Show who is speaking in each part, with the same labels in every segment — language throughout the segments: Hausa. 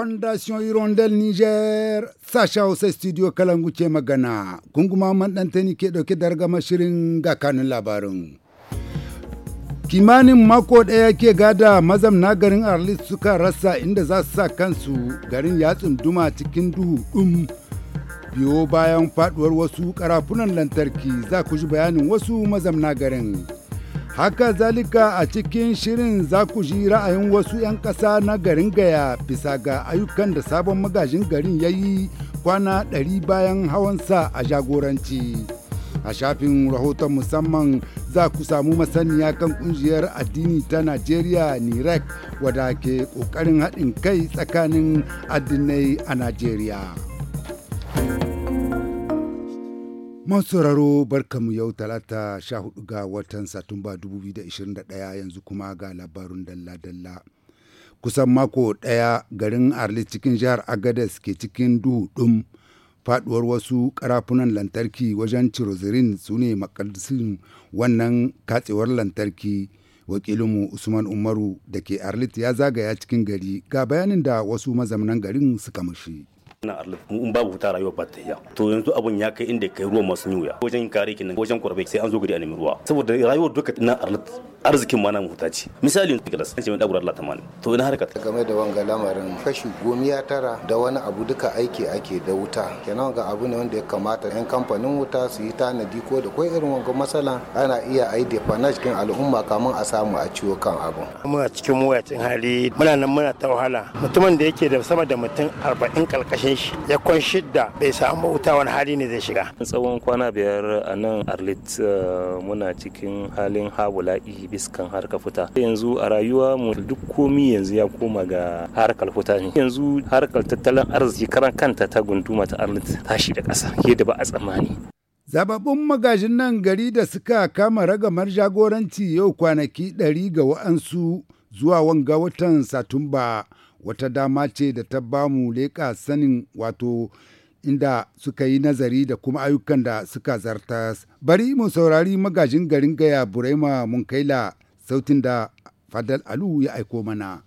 Speaker 1: fondation hirondel niger sacha hausa studio kalangu ke magana kunguma man ke ɗauke da ragama shirin ga kanun labarin kimanin mako ɗaya ke gada mazamna garin arlit suka rasa inda za su sa kansu garin ya tsunduma cikin duhu ɗin, biyo bayan faɗuwar wasu karafunan lantarki za ku ji bayanin wasu na garin Haka zalika a cikin shirin za ku ji ra'ayin wasu 'yan ƙasa na garin Gaya bisa ga ayyukan da sabon magajin garin ya yi kwana ɗari bayan hawan sa a jagoranci. A shafin rahoton musamman za ku samu masaniya kan kungiyar addini ta nigeria nirek wada ke kokarin haɗin kai tsakanin addinai a nigeria. sauraro barkamu yau talata sha hudu ga watan satumba 2021 yanzu kuma ga labarun dalla-dalla. Kusan mako ɗaya garin Arlit cikin jihar Agadez ke cikin duhu ɗum faɗuwar wasu karafunan lantarki wajen cirozirin su ne makarsin wannan katsewar lantarki. Wakilinmu Usman Umaru da ke Arlit ya zagaya cikin gari ga bayanin da wasu mazamnan garin suka mashi.
Speaker 2: na arlif mu in babu wuta rayuwa ba ta to yanzu abun ya kai inda kai ruwa masu yi wuya wajen kare kinan wajen kurbe sai an zo gari a nemi ruwa saboda rayuwar duka na arlif arzikin mana mu ci misali gilas an ce mai gurar Allah tamanin to ina harkar game da wanga lamarin kashi gomiya tara da wani abu duka aiki ake da wuta kenan ga abu ne wanda ya kamata yan kamfanin wuta su yi tanadi ko da kai irin wanga masala ana iya ai da kin al'umma kamun a samu a ciwo kan abu muna cikin mawuyacin hali muna nan muna ta wahala mutumin da yake da sama da mutum 40 kalkashin shi ya kwan shidda bai samu wuta wani hali ne zai shiga tsawon kwana biyar a nan arlit eh, muna cikin halin habula'i iskan harkar harka fita yanzu a rayuwa mu duk komi yanzu ya koma ga harkar fita ne yanzu harkar tattalin arziki karan kanta ta gunduma ta arlit tashi da ƙasa da ba a tsammani
Speaker 1: Zababbun magajin nan gari da suka kama ragamar jagoranci yau kwanaki ɗari ga wa'ansu zuwa wanga watan Satumba wata dama ce da ta bamu leƙa sanin wato inda suka yi nazari da kuma ayyukan da suka zarta Bari mu saurari magajin garin gaya Burema Munkaila sautin da Fadal Alu ya aiko mana.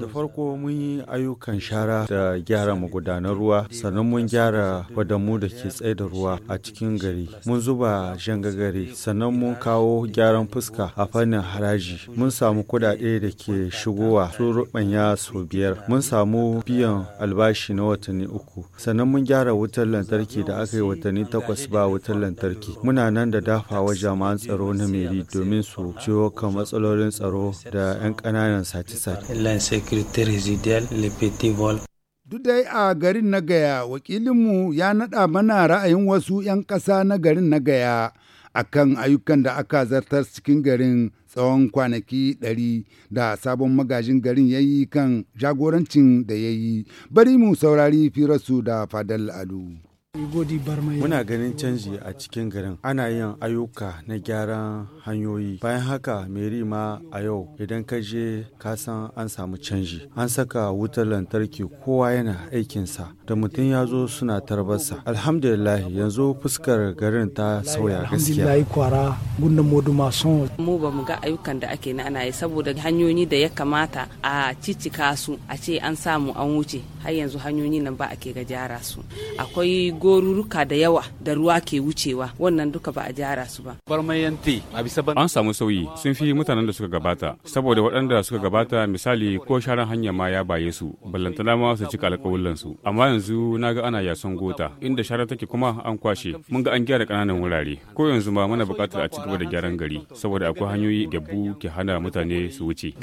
Speaker 3: Da farko mun yi ayyukan shara da gyara magudanan ruwa, sannan mun gyara wadamu da ke tsaye da ruwa a cikin gari. Mun zuba shangagari, sannan mun kawo gyaran fuska a fannin haraji. Mun samu kudade da ke shigowa sun rubanya sau biyar. Mun samu biyan albashi na watanni uku. Sannan mun gyara wutar lantarki da aka yi watanni takwas ba wutar lantarki. Muna nan da dafawa jami'an tsaro na Meri domin su ciwo kan matsalolin tsaro da 'yan ƙananan sace-sace. l'insécurité résiduelle, les petits vols.
Speaker 1: Duk dai a garin na gaya wakilinmu ya naɗa mana ra'ayin wasu 'yan ƙasa na garin na gaya kan ayyukan da aka zartar cikin garin tsawon kwanaki ɗari da sabon magajin garin ya yi kan jagorancin da ya yi bari mu saurari firarsu da fadal alu
Speaker 3: Muna ganin canji a cikin garin. Ana yin ayyuka na gyaran hanyoyi. Bayan haka Meri ma a yau idan ka je ka san an samu canji. An saka wutar lantarki kowa yana aikinsa da mutum ya zo suna tarbarsa. Alhamdulillah yanzu fuskar garin ta sauya gaskiya.
Speaker 4: Mu ba ga ayyukan da ake nana yi saboda hanyoyi da ya kamata a cicika su a ce an samu an wuce har yanzu hanyoyi nan ba ake ga jara su. Akwai goruruka da yawa da ruwa ke wucewa wannan duka ba a gyara su ba.
Speaker 3: An samu sauyi sun fi mutanen da suka gabata saboda waɗanda suka gabata misali ko sharan hanya ma ya baye su ballantana ma su cika su amma yanzu na ga ana yason gota inda shara take kuma an kwashe mun ga an gyara ƙananan wurare ko yanzu ma mana buƙatar a ci gaba da gyaran gari saboda akwai hanyoyi gyabu ke hana mutane su wuce.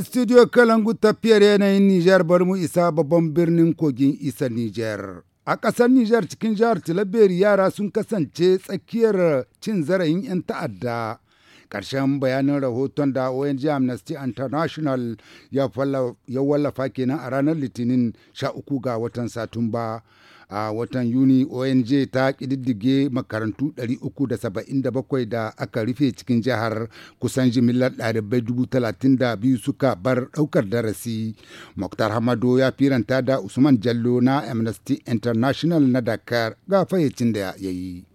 Speaker 1: Daga studio Kalangu tafiyar yanayin Nijar bari mu isa babban birnin kogin isa Nijar. A ƙasar Nijar cikin jihar Tilaberi yara sun kasance tsakiyar cin zarafin 'yan ta'adda. ƙarshen bayanin rahoton da ONG Amnesty International ya wallafa kenan a ranar Litinin 13 ga watan Satumba. a watan yuni ong ta ƙididdige makarantu 377 da aka rufe cikin jihar kusan jimillar ɗalibai biyu suka bar ɗaukar darasi muktar hamado ya firanta da usman jallo na amnesty international na dakar ga fayyacin da ya yi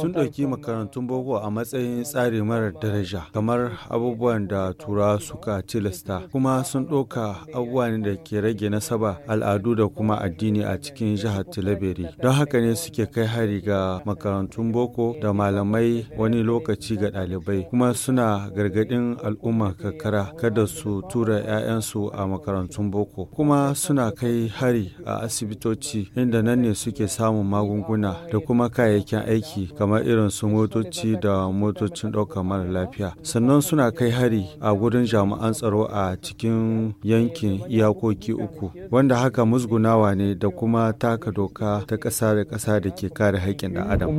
Speaker 5: sun ɗauki
Speaker 3: makarantun euh, boko a matsayin tsari marar daraja kamar abubuwan da tura suka tilasta kuma sun ɗauka abubuwan da ke rage nasaba al'adu da kuma addini a cikin jihar tilaberi don haka ne suke kai hari ga makarantun boko da malamai wani lokaci ga ɗalibai kuma suna gargaɗin al'ummar karkara kada su tura 'ya'yansu a makarantun boko kuma suna kai hari a asibitoci inda nan ne suke samun magunguna da kuma kayayyakin aiki kamar irin su motoci da motocin ɗaukar mara lafiya sannan suna kai hari a gudun jami'an tsaro a cikin yankin iyakoki uku wanda haka musgunawa ne da kuma taka doka ta ƙasa da kasa da ke kare haƙƙin ɗan adam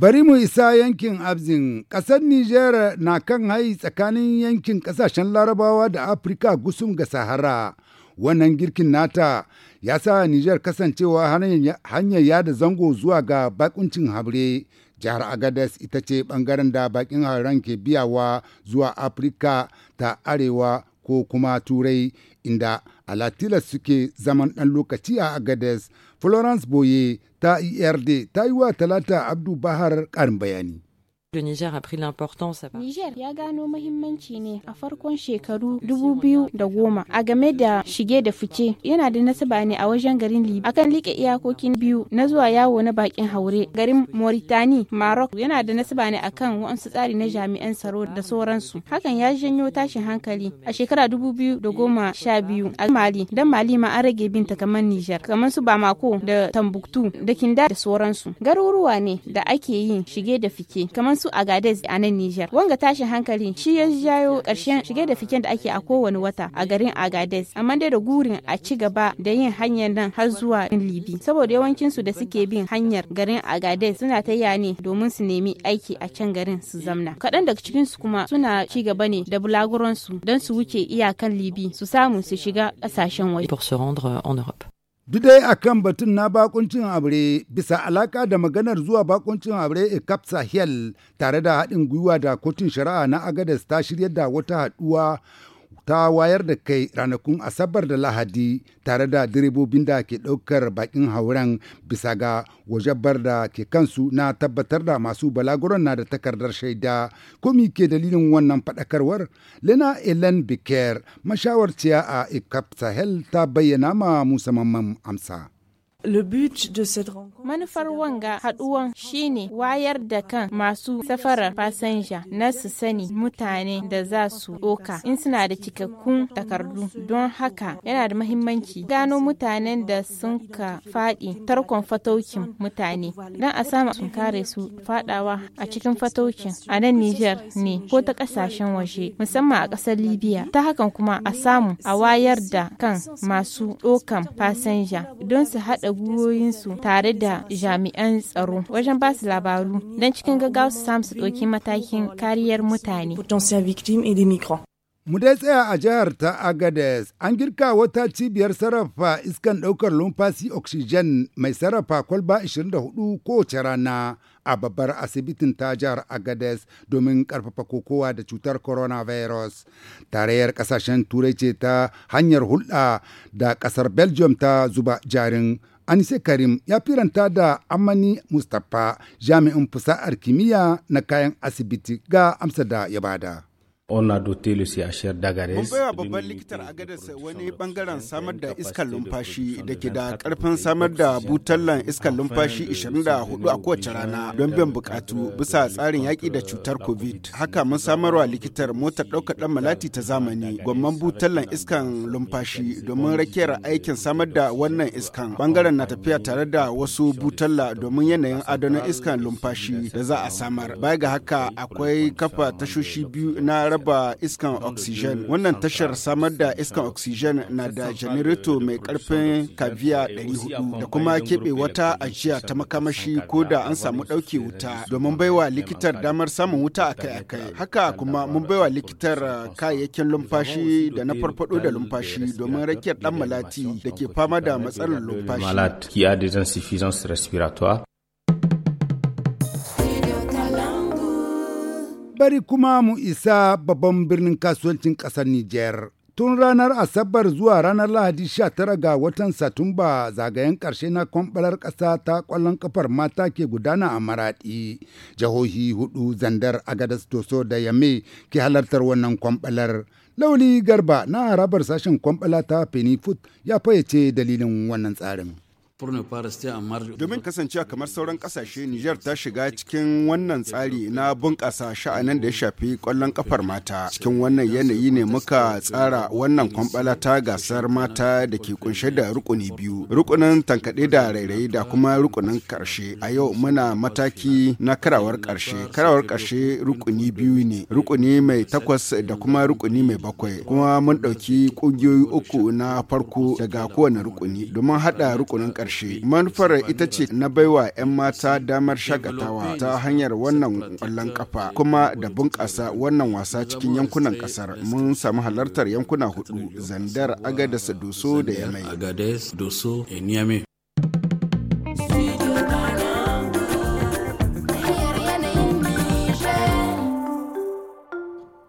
Speaker 1: Bari mu isa yankin Abzin, ƙasar Nijar na kan hayi tsakanin yankin ƙasashen Larabawa da Afirka gusum ga Sahara. wannan girkin nata ya sa Nijar kasancewa hanyar yada zango zuwa ga bakuncin habre. Jihar Agadez ita ce bangaren da bakin Haran ke biyawa zuwa Afirka ta Arewa ko kuma Turai inda alatila suke zaman ɗan lokaci a Agadez. Florence Boye ta ERD ta yi wa Talata Abdu Bahar ƙarin bayani.
Speaker 5: Le Niger a pris l'importance.
Speaker 4: Niger ya gano mahimmanci ne a farkon shekaru da goma a game da shige da fice yana da nasaba ne a wajen garin Libya akan like iyakokin biyu na zuwa yawo na bakin haure garin Mauritani Maroc yana da nasaba ne akan wasu tsari na jami'an tsaro da sauransu hakan ya janyo tashin hankali a shekara dubu da goma sha 2012 a Mali dan Mali ma an rage bin kamar Niger kamar su Bamako da Tambuktu da Kinda da sauransu garuruwa ne da ake yin shige da fice kamar su a Gades a nan Niger Wanga tashin hankali shi ya jayo karshen shige da fiken da ake a kowane wata a garin Agades amma dai da gurin a ci gaba da yin hanyar nan har zuwa Libi saboda yawancin su da suke bin hanyar garin Agades suna ta ne domin su nemi aiki a can garin su zamna. Kaɗan daga cikin su kuma suna ci gaba ne da bulaguransu don su wuce iyakan Libi su samu su shiga kasashen waje. Pour euh,
Speaker 1: Dudai a kan batun na bakuncin abure bisa alaka da maganar zuwa bakuncin a Kapsa Hill tare da haɗin gwiwa da kotun shari'a na Agadez ta shirya da wata haɗuwa ta wayar da kai ranakun asabar da lahadi tare da direbobin da ke ɗaukar bakin hauren bisa ga wajabar da ke kansu na tabbatar da masu balaguron na da takardar shaida komi ke dalilin wannan faɗakarwar lena ellen biker mashawarciya a ikap sahel ta bayyana ma musamman amsa
Speaker 4: Manufar wanga haɗuwan shine wayar da kan masu safarar fasanja na su sani mutane da za su ɗoka in suna da cikakkun takardu don haka yana da mahimmanci gano mutanen da sun ka faɗi tarkon fataukin mutane don a samu sun kare su faɗawa a cikin fataukin a nan Nijar ne ko ta ƙasashen waje musamman a ƙasar Libya ta hakan kuma a samu a wayar da kan masu ɗokan fasanja don su haɗa gwiwoyinsu tare da jami'an tsaro wajen ba su labaru don cikin gaggawa su samu su ɗauki matakin kariyar mutane.
Speaker 1: Mu dai tsaya a jihar ta Agades, an girka wata cibiyar sarrafa iskan ɗaukar lumfasi oxygen mai sarrafa kwalba 24 kowace rana a babbar asibitin ta jihar Agades domin ƙarfafa kokowa da cutar coronavirus. Tarayyar ƙasashen turai ce ta hanyar hulɗa da ƙasar Belgium ta zuba jarin Anise Karim ya firanta da Amani Mustapha jami'in fusa'ar kimiyya na kayan asibiti ga amsa da ya bada. on a doté le CHR d'Agadez. Mun baiwa
Speaker 2: babban likitar Agadez wani bangaren samar da iskar lumfashi da ke da karfin samar da butallan iskar lumfashi 24 a kowace rana don biyan bukatu bisa tsarin yaki da cutar COVID. Haka mun samar wa likitar motar ɗaukar dan malati ta zamani gwamman butallan iskan lumfashi domin rakiyar aikin samar da wannan iskan. Bangaren na tafiya tare da wasu butalla domin yanayin adonan iskan lumfashi da za a samar. Baya ga haka akwai kafa tashoshi biyu na raba raba iskan oxygen. Wannan tashar samar da iskan oxygen na da janareto mai karfin kaviya 400 da kuma keɓe wata ajiya ta makamashi ko da an samu ɗauke wuta domin baiwa likitar damar samun wuta akai-akai. Haka kuma mun baiwa likitar uh, kayayyakin lumfashi da na farfado da lumfashi domin rakiyar dan malati da ke fama da matsalar lumfashi.
Speaker 1: bari kuma mu isa babban birnin kasuwancin ƙasar Nijar. Tun ranar Asabar zuwa ranar Lahadi 19 ga watan Satumba zagayen ƙarshe na kwamɓalar ƙasa ta ƙwallon ƙafar mata ke gudana a Maraɗi. Jahohi hudu zandar Agadas Toso da Yame ke halartar wannan kwamɓalar. Lauli Garba na harabar sashen kwamɓala ta Penifut ya fayyace dalilin wannan tsarin.
Speaker 2: Domin kasancewa kamar sauran kasashe Nijar ta shiga cikin wannan tsari na bunƙasa sha'anan da ya shafi ƙwallon kafar mata. Cikin wannan yanayi ne muka tsara wannan kwamfala ta gasar mata da ke kunshe da rukuni biyu. Rukunin tankaɗe da rairayi da kuma rukunin ƙarshe. A yau muna mataki na karawar karshe Karawar karshe rukuni biyu ne. Rukuni mai takwas da kuma rukuni mai bakwai. Kuma mun ɗauki ƙungiyoyi uku na farko daga kowane rukuni domin haɗa rukunin ƙarshe. shi manufar ita ce na baiwa 'yan mata damar shagatawa ta hanyar wannan kwallon kafa kuma da bunƙasa wannan wasa cikin yankunan kasar mun samu halartar yankuna hudu zandar agadas doso da yamai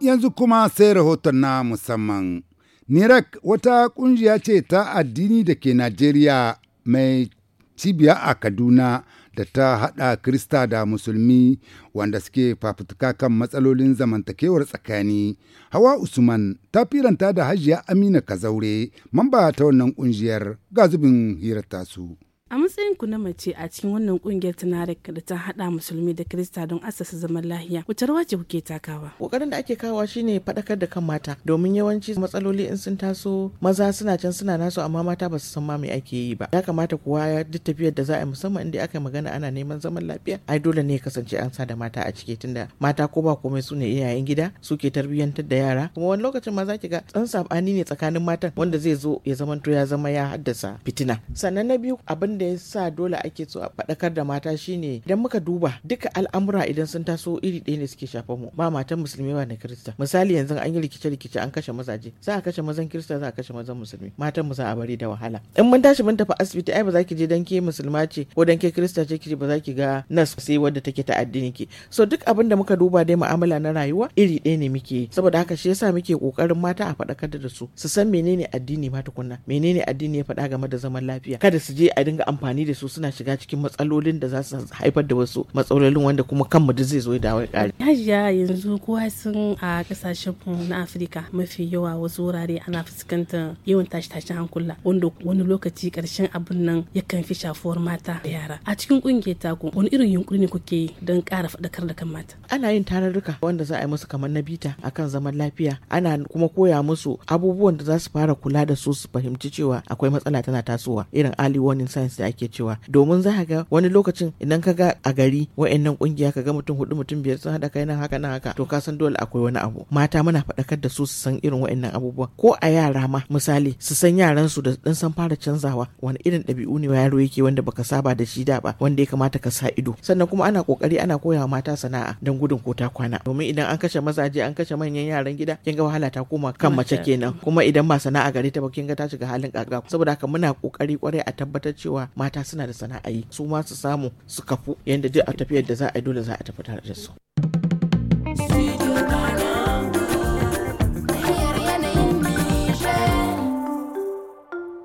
Speaker 1: yanzu kuma sai rahoton na musamman. nirek wata kungiya ce ta addini da ke Najeriya mai cibiya a kaduna da ta haɗa krista da musulmi wanda suke fafutuka kan matsalolin zamantakewar tsakani hawa usman ta firanta da hajiya amina kazaure mamba ta wannan ƙungiyar ga zubin hirar tasu
Speaker 4: a matsayinku na mace a cikin wannan kungiyar tunarik da ta hada musulmi da krista don asasa zaman lahiya wace rawa ce kuke takawa
Speaker 5: kokarin da ake kawa shine fadakar da kan mata domin yawanci matsaloli in sun taso maza suna can suna nasu amma mata ba su san ma me ake yi ba ya kamata kuwa duk tafiyar da za a yi musamman inda aka magana ana neman zaman lafiya ai dole ne kasance an sa da mata a ciki tunda mata ko ba komai su ne iyayen gida suke tarbiyyantar da yara kuma wani lokacin maza za ki ga tsan sabani ne tsakanin matan wanda zai zo ya zamanto ya zama ya haddasa fitina sannan na biyu abin da ya sa dole ake so a faɗakar da mata shine idan muka duba duka al'amura idan sun taso iri ɗaya ne suke shafa mu ba matan musulmi ba na kirista misali yanzu an yi rikice-rikice an kashe mazaje za a kashe mazan kirista za a kashe mazan musulmi matan mu za a bari da wahala in mun tashi mun tafi asibiti ai ba za ki je dan ke musulma ce ko dan ke kirista ce ki ba za ki ga nas sai wadda take ta addini ki so duk abin da muka duba dai mu'amala na rayuwa iri ɗaya ne muke saboda haka shi yasa muke kokarin mata a faɗakar da su su san menene addini ma tukunna menene addini ya faɗa game da zaman lafiya kada su je a dinga dinga amfani da su suna shiga cikin matsalolin da za su haifar da wasu matsalolin wanda kuma kanmu duk zai zo ya dawo ƙari.
Speaker 4: yaya yanzu kowa sun a kasashen mu na Afirka mafi yawa wasu wurare ana fuskantar yawan tashi tashi hankula wanda wani lokaci karshen abin nan yakan fi shafuwar mata da yara. A cikin ƙungiyar taku wani irin yunkuri ne kuke don ƙara faɗakar da kan mata.
Speaker 5: Ana yin tararruka wanda za a yi musu kamar na bita akan zaman lafiya ana kuma koya musu abubuwan da za su fara kula da su su fahimci cewa akwai matsala tana tasowa irin early warning signs alliance da ake cewa domin za ga wani lokacin idan ka ga a gari wa'annan kungiya ka ga mutum hudu mutum biyar sun hada kai nan haka nan haka to ka san dole akwai wani abu mata muna faɗakar da su su san irin wa'annan abubuwa ko a yara ma misali su san yaran su da dan san fara canzawa wani irin ɗabi'u ne yaro yake wanda baka saba da shi da ba wanda ya kamata ka sa ido sannan kuma ana kokari ana koyawa mata sana'a dan gudun ko ta kwana domin idan an kashe mazaje an kashe manyan yaran gida kin ga wahala ta koma kan mace kenan kuma idan ba sana'a gare ta ba kin ga ta shiga halin kaka saboda haka muna kokari kwarai a tabbatar cewa mata suna da sana'a yi su ma su samu su kafu yadda duk a tafiyar da za a yi dole za a tafi tare da su.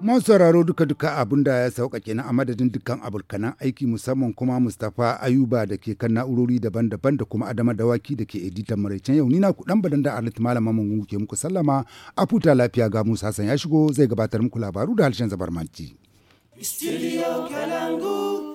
Speaker 1: Masu sauraro duka-duka abin da ya sauka kenan a madadin dukkan abokanan aiki musamman kuma Mustapha Ayuba da ke kan na'urori daban-daban da kuma Adama Dawaki da ke editan maraicen yau nina ku dan badan da Arlit Malama mun ke muku sallama a futa lafiya ga Musa san ya shigo zai gabatar muku labaru da harshen zabarmanci.
Speaker 4: Studio Kalangu.